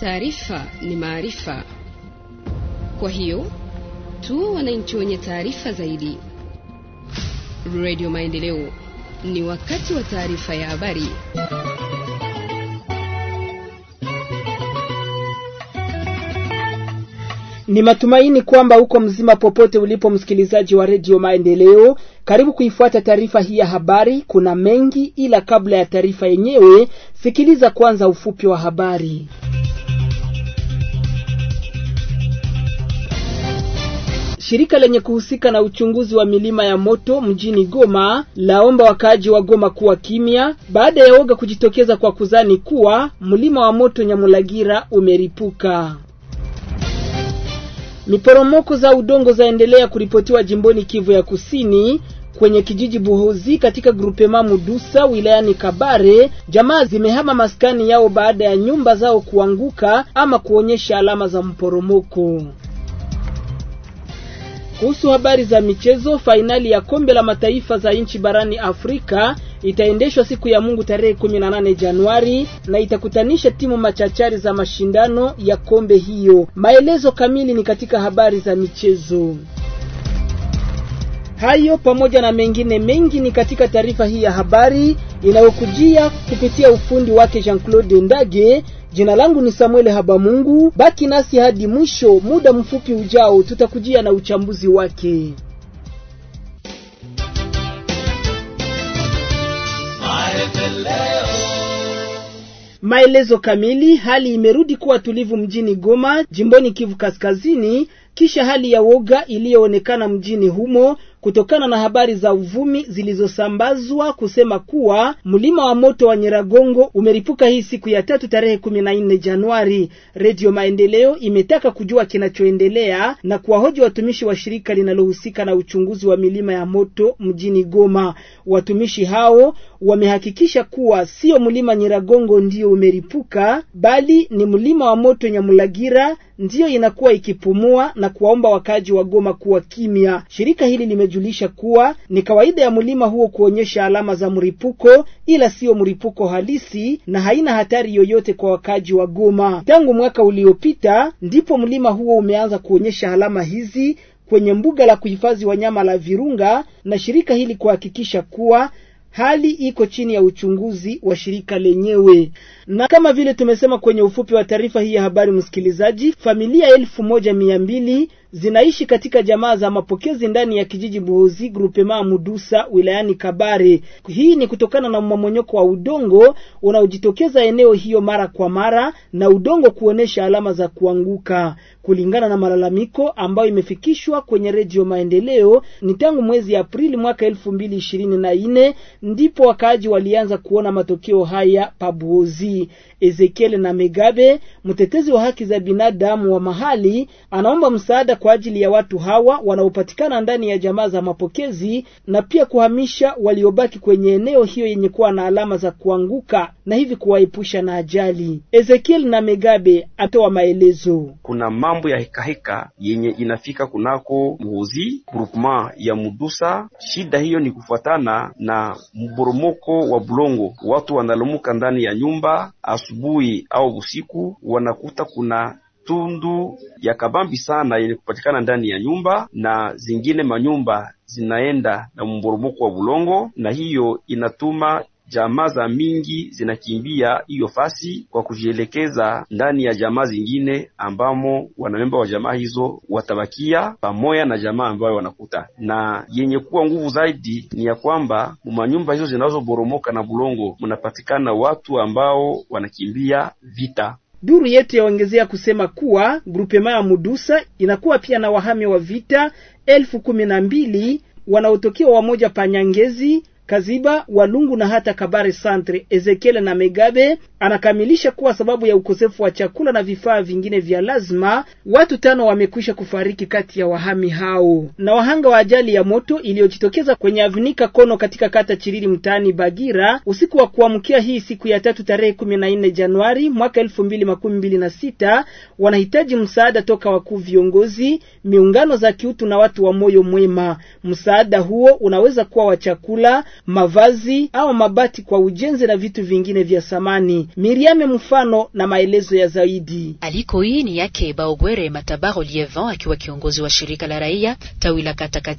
Taarifa ni maarifa, kwa hiyo tu wananchi wenye taarifa zaidi. Redio Maendeleo, ni wakati wa taarifa ya habari. Ni matumaini kwamba uko mzima popote ulipo, msikilizaji wa redio Maendeleo. Karibu kuifuata taarifa hii ya habari. Kuna mengi, ila kabla ya taarifa yenyewe, sikiliza kwanza ufupi wa habari. Shirika lenye kuhusika na uchunguzi wa milima ya moto mjini Goma laomba wakaaji wa Goma kuwa kimya baada ya woga kujitokeza kwa kuzani kuwa mlima wa moto Nyamulagira umeripuka. Miporomoko za udongo zaendelea kuripotiwa jimboni Kivu ya Kusini kwenye kijiji Buhozi katika grupema Mudusa wilayani Kabare, jamaa zimehama maskani yao baada ya nyumba zao kuanguka ama kuonyesha alama za mporomoko. Kuhusu habari za michezo, fainali ya kombe la mataifa za nchi barani Afrika itaendeshwa siku ya Mungu tarehe 18 Januari na itakutanisha timu machachari za mashindano ya kombe hiyo. Maelezo kamili ni katika habari za michezo. Hayo pamoja na mengine mengi ni katika taarifa hii ya habari inayokujia kupitia ufundi wake Jean-Claude Ndage. Jina langu ni Samuel Habamungu. Baki nasi hadi mwisho, muda mfupi ujao tutakujia na uchambuzi wake. Maelezo kamili. Hali imerudi kuwa tulivu mjini Goma, jimboni Kivu Kaskazini, kisha hali ya woga iliyoonekana mjini humo kutokana na habari za uvumi zilizosambazwa kusema kuwa mlima wa moto wa Nyiragongo umeripuka hii siku ya tatu tarehe 14 Januari. Redio Maendeleo imetaka kujua kinachoendelea na kuwahoji watumishi wa shirika linalohusika na uchunguzi wa milima ya moto mjini Goma. Watumishi hao wamehakikisha kuwa sio mlima Nyiragongo ndio umeripuka, bali ni mlima wa moto Nyamulagira ndiyo inakuwa ikipumua na kuwaomba wakaji wa Goma kuwa kimya. Shirika hili lime linalojulisha kuwa ni kawaida ya mlima huo kuonyesha alama za mripuko, ila siyo mripuko halisi na haina hatari yoyote kwa wakaji wa Goma. Tangu mwaka uliopita ndipo mlima huo umeanza kuonyesha alama hizi kwenye mbuga la kuhifadhi wanyama la Virunga na shirika hili kuhakikisha kuwa hali iko chini ya uchunguzi wa shirika lenyewe. Na kama vile tumesema kwenye ufupi wa taarifa hii ya habari, msikilizaji, familia elfu moja mia mbili zinaishi katika jamaa za mapokezi ndani ya kijiji Buhozi grupema Mudusa wilayani Kabare. Hii ni kutokana na mmomonyoko wa udongo unaojitokeza eneo hiyo mara kwa mara na udongo kuonesha alama za kuanguka. Kulingana na malalamiko ambayo imefikishwa kwenye Redio Maendeleo, ni tangu mwezi Aprili mwaka elfu mbili ishirini na nne ndipo wakaaji walianza kuona matokeo haya pabuozi. Ezekiel na Megabe, mtetezi wa haki za binadamu wa mahali, anaomba msaada kwa ajili ya watu hawa wanaopatikana ndani ya jamaa za mapokezi na pia kuhamisha waliobaki kwenye eneo hiyo yenye kuwa na alama za kuanguka na hivi kuwaepusha na ajali. Ezekiel na Megabe atoa maelezo. Kuna mambo ya hekaheka yenye inafika kunako Muhuzi groupement ya Mudusa. Shida hiyo ni kufuatana na mboromoko wa bulongo. Watu wanalomuka ndani ya nyumba asubuhi au usiku, wanakuta kuna tundu ya kabambi sana yenye kupatikana ndani ya nyumba na zingine manyumba zinaenda na mboromoko wa bulongo, na hiyo inatuma jamaa za mingi zinakimbia hiyo fasi kwa kujielekeza ndani ya jamaa zingine ambamo wanamemba wa jamaa hizo watabakia pamoja na jamaa ambayo wanakuta. Na yenye kuwa nguvu zaidi ni ya kwamba mumanyumba hizo zinazoboromoka na bulongo mnapatikana watu ambao wanakimbia vita. Duru yetu yaongezea kusema kuwa grupema ya Mudusa inakuwa pia na wahami wa vita elfu kumi na mbili wanaotokea wamoja panyangezi Kaziba, Walungu na hata Kabare Centre. Ezekiel na Megabe anakamilisha kuwa sababu ya ukosefu wa chakula na vifaa vingine vya lazima, watu tano wamekwisha kufariki kati ya wahami hao. Na wahanga wa ajali ya moto iliyojitokeza kwenye Avunika Kono katika kata Chiriri mtaani Bagira usiku wa kuamkia hii siku ya tatu tarehe 14 Januari mwaka 2026 wanahitaji msaada toka wakuu viongozi, miungano za kiutu na watu wa moyo mwema. Msaada huo unaweza kuwa wa chakula mavazi au mabati kwa ujenzi na vitu vingine vya samani. Miriame mfano na maelezo ya zaidi. Aliko hii ni yake Baogwere Matabaro Lievan akiwa kiongozi wa shirika la raia tawi la kata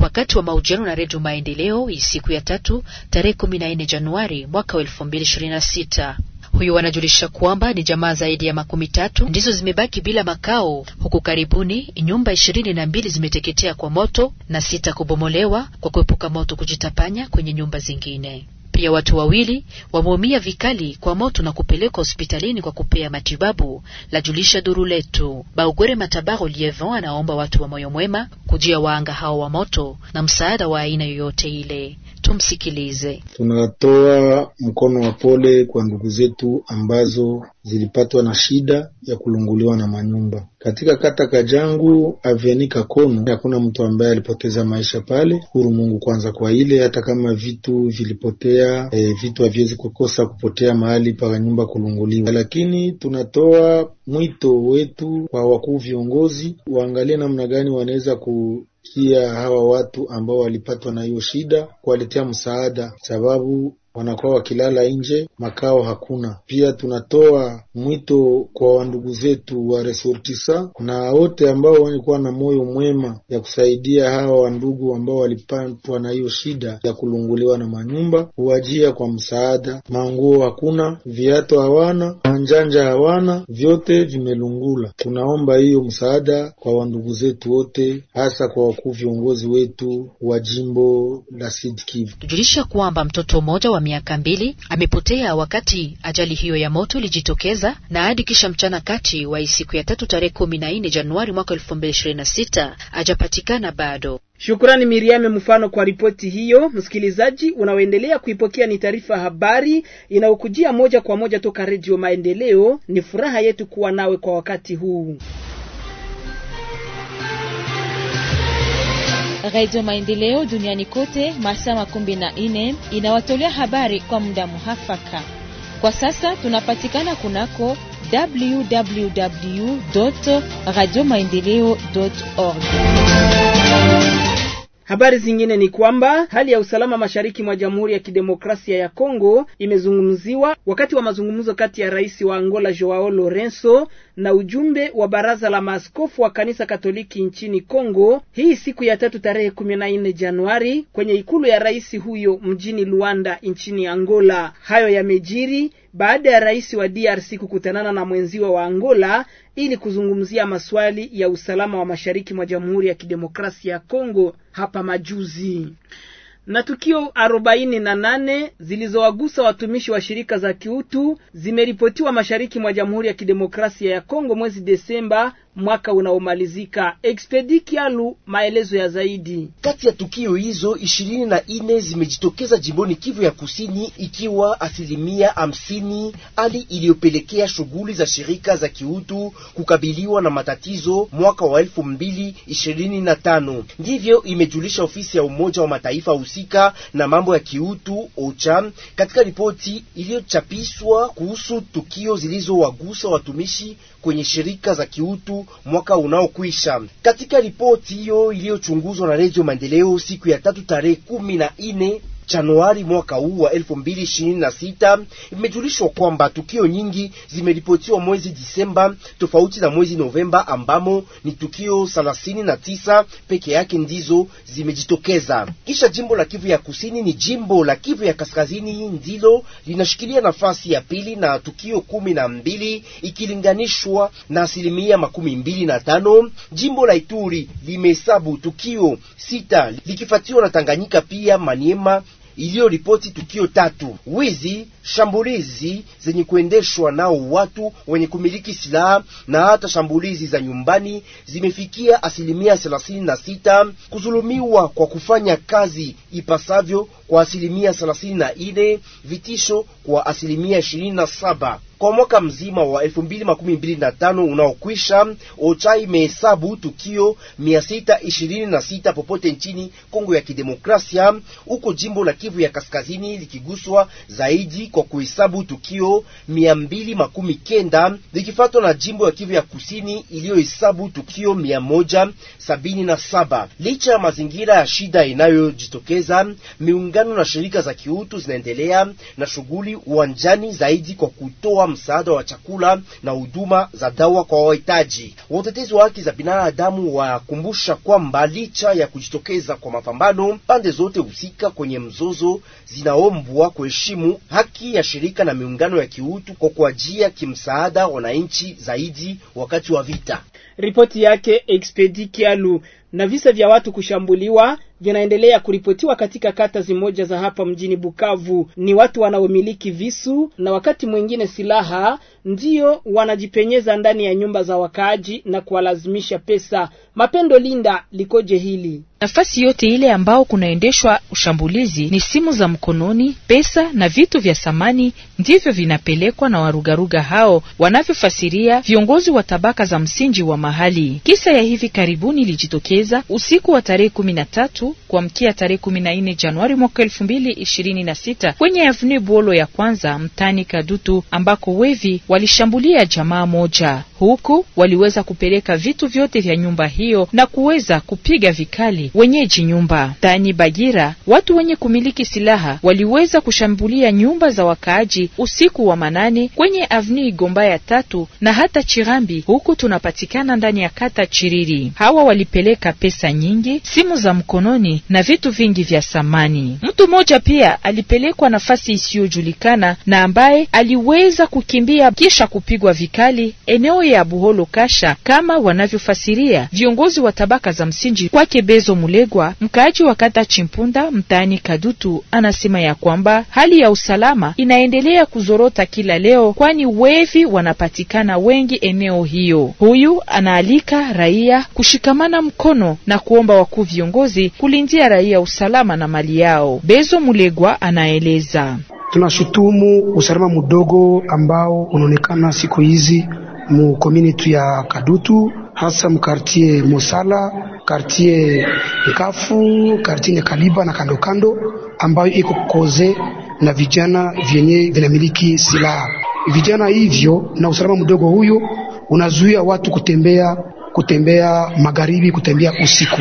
wakati wa mahojiano na Redio Maendeleo siku ya tatu tarehe 14 Januari mwaka 2026 huyu wanajulisha kwamba ni jamaa zaidi ya makumi tatu ndizo zimebaki bila makao, huku karibuni nyumba ishirini na mbili zimeteketea kwa moto na sita kubomolewa kwa kuepuka moto kujitapanya kwenye nyumba zingine. Pia watu wawili wameumia vikali kwa moto na kupelekwa hospitalini kwa kupea matibabu, la julisha duru letu. baugwere Matabaro lievan anaomba watu wa moyo mwema kujia waanga hao wa moto na msaada wa aina yoyote ile. Tumsikilize. Tunatoa mkono wa pole kwa ndugu zetu ambazo zilipatwa na shida ya kulunguliwa na manyumba katika kata Kajangu aveni Kakono. Hakuna mtu ambaye alipoteza maisha pale. Huru Mungu kwanza kwa ile, hata kama vitu vilipotea e, vitu haviwezi kukosa kupotea mahali pa nyumba kulunguliwa, lakini tunatoa mwito wetu kwa wakuu viongozi waangalie namna gani wanaweza ku kia hawa watu ambao walipatwa na hiyo shida kuwaletea msaada, sababu wanakuwa wakilala nje, makao hakuna. Pia tunatoa mwito kwa wandugu zetu wa resortisa na wote ambao walikuwa na moyo mwema ya kusaidia hawa wandugu ambao walipatwa na hiyo shida ya kulunguliwa na manyumba, huwajia kwa msaada. Manguo hakuna, viato hawana, manjanja hawana, vyote vimelungula. Tunaomba hiyo msaada kwa wandugu zetu wote, hasa kwa wakuu viongozi wetu wa jimbo la Sud Kivu. Tujulisha kwamba mtoto mmoja wa miaka mbili amepotea wakati ajali hiyo ya moto ilijitokeza, na hadi kisha mchana kati wa siku ya tatu tarehe kumi na nne Januari mwaka elfu mbili ishirini na sita hajapatikana bado. Shukrani Miriame Mfano kwa ripoti hiyo. Msikilizaji unaoendelea kuipokea ni taarifa habari inayokujia moja kwa moja toka Redio Maendeleo. Ni furaha yetu kuwa nawe kwa wakati huu. Radio Maendeleo duniani kote masaa makumi na ine inawatolea habari kwa muda muhafaka. Kwa sasa tunapatikana kunako www radio maendeleo org Habari zingine ni kwamba hali ya usalama mashariki mwa Jamhuri ya Kidemokrasia ya Kongo imezungumziwa wakati wa mazungumzo kati ya Rais wa Angola Joao Lorenzo na ujumbe wa Baraza la Maaskofu wa Kanisa Katoliki nchini Kongo hii siku ya tatu tarehe 14 Januari kwenye ikulu ya rais huyo mjini Luanda nchini Angola. Hayo yamejiri baada ya rais wa DRC kukutanana na mwenziwa wa Angola ili kuzungumzia maswali ya usalama wa mashariki mwa Jamhuri ya Kidemokrasia ya Kongo hapa majuzi na tukio arobaini na nane zilizowagusa watumishi wa shirika za kiutu zimeripotiwa mashariki mwa Jamhuri ya Kidemokrasia ya Kongo mwezi Desemba mwaka unaomalizika. Expedi Kialu, maelezo ya zaidi. Kati ya tukio hizo ishirini na nne zimejitokeza jimboni Kivu ya Kusini, ikiwa asilimia hamsini, hali iliyopelekea shughuli za shirika za kiutu kukabiliwa na matatizo mwaka wa elfu mbili ishirini na tano. Ndivyo imejulisha ofisi ya Umoja wa Mataifa husika na mambo ya kiutu OCHA katika ripoti iliyochapiswa kuhusu tukio zilizowagusa watumishi kwenye shirika za kiutu mwaka unaokwisha. Katika ripoti hiyo iliyochunguzwa na Redio Maendeleo siku ya tatu tarehe kumi na nne Januari mwaka huu wa 2026 imejulishwa kwamba tukio nyingi zimeripotiwa mwezi Disemba tofauti na mwezi Novemba ambamo ni tukio 39 na tisa peke yake ndizo zimejitokeza. Kisha jimbo la Kivu ya Kusini ni jimbo la Kivu ya Kaskazini ndilo linashikilia nafasi ya pili na tukio kumi na mbili ikilinganishwa na asilimia makumi mbili na tano. Jimbo la Ituri limehesabu tukio sita likifuatiwa na Tanganyika pia Maniema iliyoripoti tukio tatu: wizi, shambulizi zenye kuendeshwa nao watu wenye kumiliki silaha na hata shambulizi za nyumbani zimefikia asilimia thelathini na sita, kuzulumiwa kwa kufanya kazi ipasavyo kwa asilimia thelathini na nne, vitisho kwa asilimia ishirini na saba kwa mwaka mzima wa 2025 unaokwisha, OCHA imehesabu tukio 626 popote nchini Kongo ya Kidemokrasia, huko jimbo la Kivu ya Kaskazini likiguswa zaidi kwa kuhesabu tukio 219 likifuatwa na jimbo ya Kivu ya Kusini iliyohesabu tukio 177. Licha ya mazingira ya shida inayojitokeza, miungano na shirika za kiutu zinaendelea na shughuli uwanjani zaidi kwa kutoa kutoa msaada wa chakula na huduma za dawa kwa wahitaji. Watetezi wa haki za binadamu wakumbusha kwamba licha ya kujitokeza kwa mapambano, pande zote husika kwenye mzozo zinaombwa kuheshimu haki ya shirika na miungano ya kiutu kwa kuajia kimsaada wananchi zaidi wakati wa vita. Ripoti yake Expedi Kialu. Na visa vya watu kushambuliwa vinaendelea kuripotiwa katika kata zimoja za hapa mjini Bukavu. Ni watu wanaomiliki visu na wakati mwingine silaha, ndio wanajipenyeza ndani ya nyumba za wakaaji na kuwalazimisha pesa. Mapendo Linda likoje hili? Nafasi yote ile ambao kunaendeshwa ushambulizi ni simu za mkononi, pesa na vitu vya samani ndivyo vinapelekwa na warugaruga hao, wanavyofasiria viongozi wa tabaka za msingi wa mahali. Kisa ya hivi karibuni ilijitokeza usiku wa tarehe kumi na tatu Jumatatu kuamkia tarehe 14 Januari mwaka sita kwenye Avenue Bwolo ya kwanza mtani Kadutu, ambako wevi walishambulia jamaa moja, huku waliweza kupeleka vitu vyote vya nyumba hiyo na kuweza kupiga vikali wenyeji nyumba. Tani Bagira, watu wenye kumiliki silaha waliweza kushambulia nyumba za wakaaji usiku wa manane kwenye Avenue Gomba ya tatu na hata Chirambi, huku tunapatikana ndani ya kata Chiriri. Hawa walipeleka pesa nyingi, simu za mkono mkononi na vitu vingi vya samani. Mtu mmoja pia alipelekwa nafasi isiyojulikana na ambaye aliweza kukimbia kisha kupigwa vikali eneo ya Buholo Kasha, kama wanavyofasiria viongozi wa tabaka za msingi. Kwake Bezo Mulegwa, mkaaji wa kata Chimpunda mtaani Kadutu, anasema ya kwamba hali ya usalama inaendelea kuzorota kila leo, kwani wevi wanapatikana wengi eneo hiyo. Huyu anaalika raia kushikamana mkono na kuomba wakuu viongozi kulindia raia usalama na mali yao. Bezo Mulegwa anaeleza. Tunashutumu usalama mdogo ambao unaonekana siku hizi mu community ya Kadutu, hasa mkartie mosala kartie Nkafu, kartie Nyakaliba na kando kando, ambayo iko koze na vijana vyenye vinamiliki silaha. Vijana hivyo na usalama mdogo huyo unazuia watu kutembea kutembea magharibi, kutembea usiku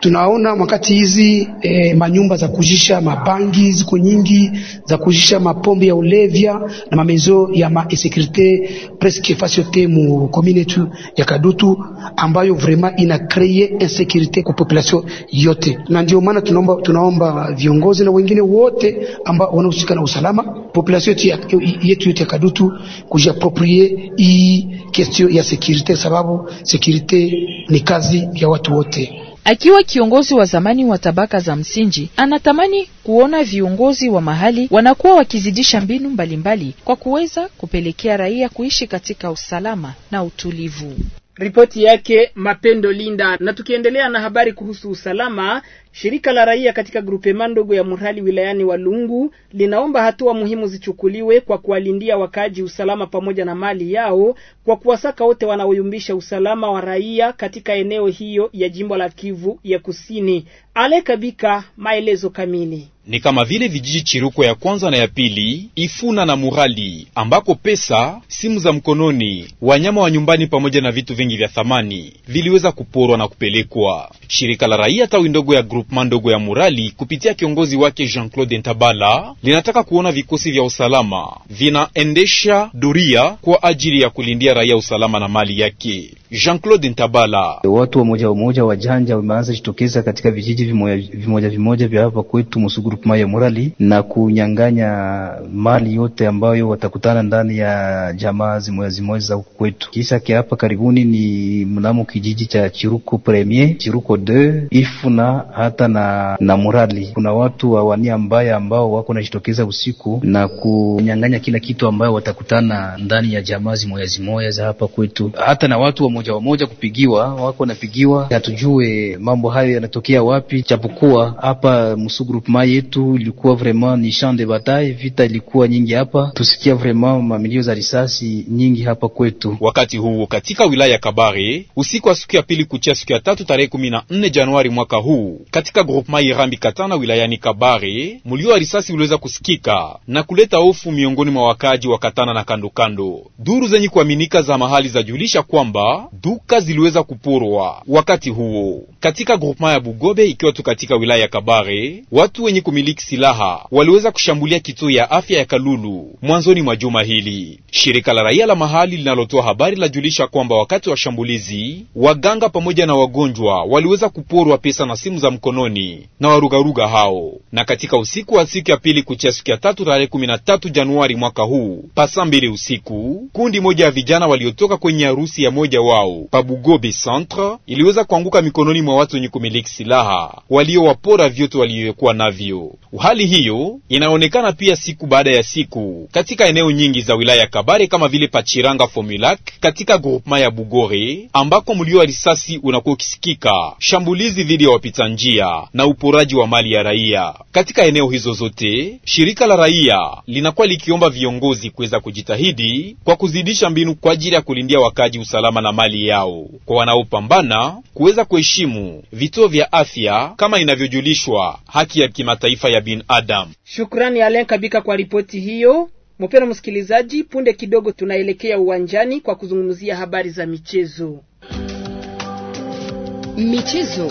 tunaona wakati hizi e, manyumba za kujisha mabangi ziko nyingi, za kujisha mapombe ya ulevya na mamezo ya mainsekurite presque fasi yote mu komune yetu ya Kadutu, ambayo vrema ina kreye insekurite kwa population yote, na ndio maana tunaomba, tunaomba viongozi na wengine wote ambao wanahusika na usalama population yetu, yetu yote ya Kadutu kujiaproprie hii question ya sekurite, sababu sekurite ni kazi ya watu wote. Akiwa kiongozi wa zamani wa tabaka za msingi, anatamani kuona viongozi wa mahali wanakuwa wakizidisha mbinu mbalimbali mbali kwa kuweza kupelekea raia kuishi katika usalama na utulivu. Ripoti yake Mapendo Linda. Na tukiendelea na habari kuhusu usalama, Shirika la raia katika grupema ndogo ya Murali wilayani Walungu linaomba hatua muhimu zichukuliwe kwa kuwalindia wakaaji usalama pamoja na mali yao kwa kuwasaka wote wanaoyumbisha usalama wa raia katika eneo hiyo ya jimbo la Kivu ya Kusini. Ale Kabika, maelezo kamili ni kama vile vijiji Chiruko ya kwanza na ya pili, Ifuna na Murali, ambako pesa, simu za mkononi, wanyama wa nyumbani pamoja na vitu vingi vya thamani viliweza kuporwa na kupelekwa. Shirika la raia tawi ndogo ya groupement ndogo ya Murali kupitia kiongozi wake Jean-Claude Ntabala linataka kuona vikosi vya usalama vinaendesha doria kwa ajili ya kulindia raia usalama na mali yake. Jean-Claude Ntabala: watu wamoja wamoja wajanja wameanza jitokeza katika vijiji vimoja vimoja, vimoja vya hapa kwetu msugurupu ya Murali na kunyang'anya mali yote ambayo watakutana ndani ya jamaa zimoja zimoja za huku kwetu. Kisa kia hapa karibuni ni mnamo kijiji cha Chiruko Premier, Chiruko 2 ifu na hata na na murali. Kuna watu wa wania mbaya ambao wako najitokeza usiku na kunyang'anya kila kitu ambayo watakutana ndani ya jamaa zimoya zimoya za hapa kwetu, hata na watu wamoja wamoja kupigiwa, wako wanapigiwa, hatujue mambo hayo yanatokea wapi, japokuwa hapa msu groupement yetu ilikuwa vraiment ni champ de bataille, vita ilikuwa nyingi hapa, tusikia vraiment mamilio za risasi nyingi hapa kwetu. Wakati huo katika wilaya ya Kabare, usiku wa siku ya pili kuchia siku ya tatu tarehe kumi na nne Januari mwaka huu katika groupema Irambi Katana wilayani Kabare, mulio wa risasi uliweza kusikika na kuleta hofu miongoni mwa wakaji wa Katana na kandokando. Duru zenye kuaminika za mahali zajulisha kwamba duka ziliweza kuporwa wakati huo katika groupema ya Bugobe, ikiwa tu katika wilaya ya Kabare. Watu wenye kumiliki silaha waliweza kushambulia kituo ya afya ya Kalulu mwanzoni mwa juma hili. Shirika la raia la mahali linalotoa habari lajulisha kwamba wakati wa shambulizi waganga pamoja na wagonjwa waliweza kuporwa pesa na simu za mkono mikononi na warugaruga hao. Na katika usiku wa siku ya pili kuchia siku ya tatu tarehe kumi na tatu Januari mwaka huu pasa mbili usiku, kundi moja ya vijana waliotoka kwenye harusi ya moja wao Pabugobi Centre iliweza kuanguka mikononi mwa watu wenye kumiliki silaha waliowapora vyote waliyokuwa navyo. Hali hiyo inaonekana pia siku baada ya siku katika eneo nyingi za wilaya ya Kabare kama vile Pachiranga Formulac katika groupement ya Bugore ambako mlio wa risasi unakuwa ukisikika, shambulizi dhidi ya wapita njia raia na uporaji wa mali ya raia katika eneo hizo zote. Shirika la raia linakuwa likiomba viongozi kuweza kujitahidi kwa kuzidisha mbinu kwa ajili ya kulindia wakaji usalama na mali yao, kwa wanaopambana kuweza kuheshimu vituo vya afya kama inavyojulishwa haki ya kimataifa ya binadamu. Shukrani Alen Kabika kwa ripoti hiyo. Mpendwa msikilizaji, punde kidogo tunaelekea uwanjani kwa kuzungumzia habari za michezo. Michezo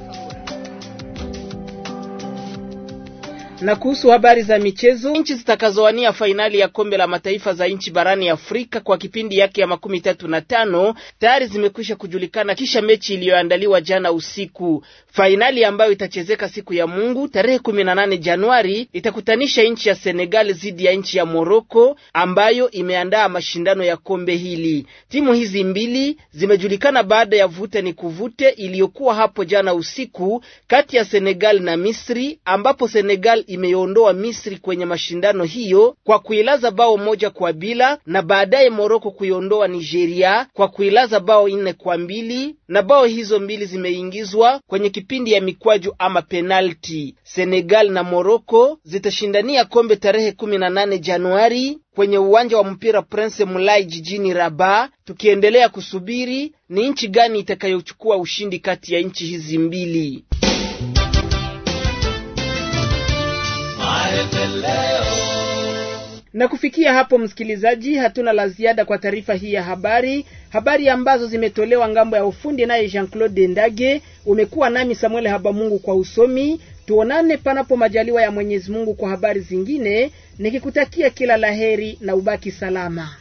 Na kuhusu habari za michezo, nchi zitakazowania fainali ya kombe la mataifa za nchi barani Afrika kwa kipindi yake ya makumi tatu na tano tayari zimekwisha kujulikana kisha mechi iliyoandaliwa jana usiku. Fainali ambayo itachezeka siku ya Mungu tarehe 18 Januari itakutanisha nchi ya Senegal dhidi ya nchi ya Morocco ambayo imeandaa mashindano ya kombe hili. Timu hizi mbili zimejulikana baada ya vute ni kuvute iliyokuwa hapo jana usiku kati ya Senegal na Misri ambapo Senegal imeondoa Misri kwenye mashindano hiyo kwa kuilaza bao moja kwa bila, na baadaye Moroko kuiondoa Nigeria kwa kuilaza bao nne kwa mbili, na bao hizo mbili zimeingizwa kwenye kipindi ya mikwaju ama penalti. Senegal na Moroko zitashindania kombe tarehe 18 Januari kwenye uwanja wa mpira Prince Mulai jijini Rabat, tukiendelea kusubiri ni nchi gani itakayochukua ushindi kati ya nchi hizi mbili. Na kufikia hapo, msikilizaji, hatuna la ziada kwa taarifa hii ya habari, habari ambazo zimetolewa ngambo ya ufundi naye Jean-Claude Ndage. Umekuwa nami Samuel Habamungu kwa usomi. Tuonane panapo majaliwa ya Mwenyezi Mungu kwa habari zingine, nikikutakia kila laheri na ubaki salama.